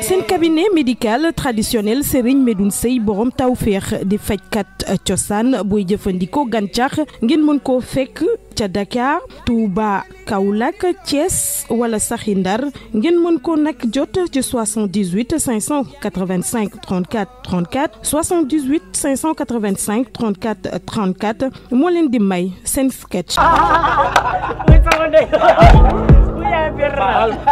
seen cabinet médical traditionnel Serigne Medoune Sey borom tawféex di fajkat eh, cosaan buy jëfandikoo gàncax ngeen mën koo fekk ca Dakar Touba Kaolack Thiès wala saxi Ndar ngeen mën ko nag jot ci 78 585 34 34 78 585 34 34 moo leen di may seen sketch.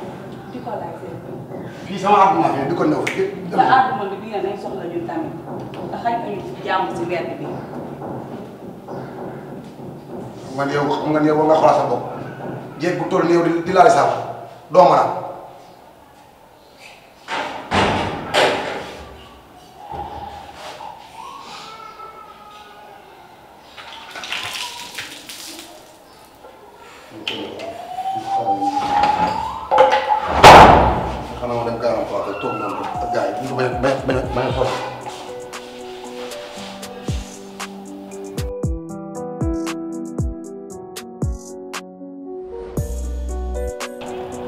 fii sama àdduna fi di ko néew. te àdduna bi bii nañ soxla ñun tamit te xaj na ñu jàmm si weer bi. man yow xam nga yow nga xoolal sa bopp jéeg bu toll nii di laal saaf doo mën xanaa ma dem gàllankoor quoi toog noonu ik gars yi bu ñu ko bañ bañ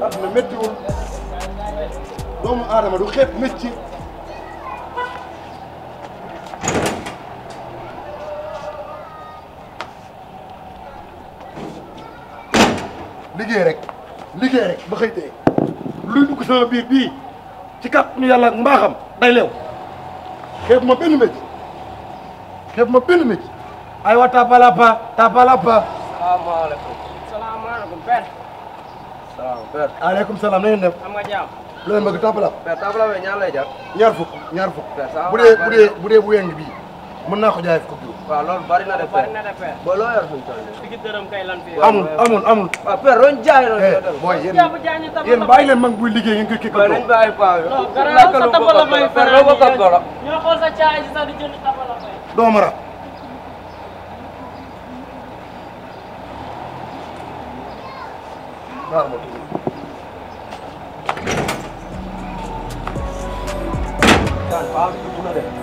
a adduna méttiwul doomu aadama du xeeb métti liggéey rek liggéey rek ba luy dugg sama biir bii ci kàttanu yàlla ak mbaaxam day leew xeeb ma benn métti xeeb ma benn métti ay tapala ba tapala ba aleykum salaam na ngeen def am nga tapala père bi fukk ñaar fukk bu dee bu dee bu dee mën na ko jaay ko kii. wa lool bari na bo de deureum kay lan fi amul amul amul. wa père ron jaay loolu. booy yéen yeen bay leen mag buy liggéey ngeen ko kii ko. waaw nañu bàyyi paa bi. non garaaw sa tabala may faral di leen ñoo xool sa caay si sax di jënd tabala may. doo mara. waaw.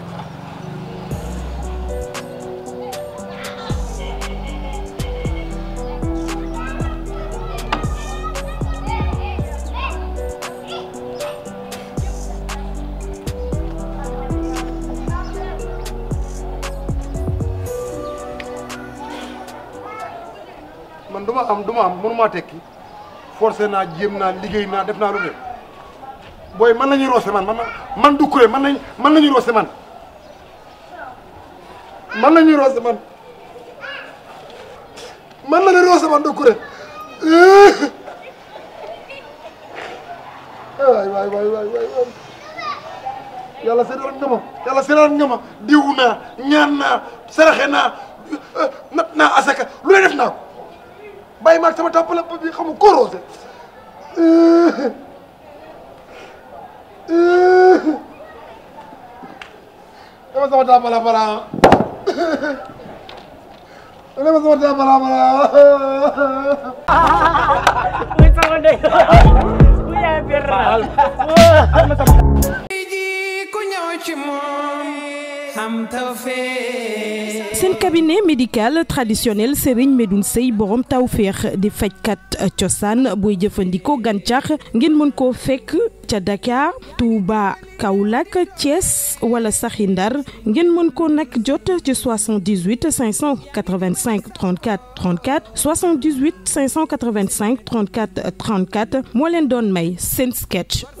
man duma am duma am munuma tekki forcé na, jéem na, liggéey na def na lu def boy man nañu rosé man man du kuré man nañ man nañu rosé man man nañu rosé man man nañu rosé man du kuré ay, way way way way yalla sé nga ngama, yalla sé nga ma diwuna ñaan na saraxe na eh, asaka lu def naa bàyyi ma ak sama bi xam nga korose dama sama tàppala bara dama sama tàppala bara muy sama ndey mu yaay biir ji ku ñëw ci moom am tawfeex sen cabinet médical traditionnel Serigne Medoune Sey borom tawféex di kat euh, cosaan booy jëfandikoo gàncax ngeen mën ko fekk ca Dakar Touba Kaulak, Thiès wala saxi Ndar ko nak jot ci 78 585 34 34 78 585 34 34 moo leen doon may sen sketch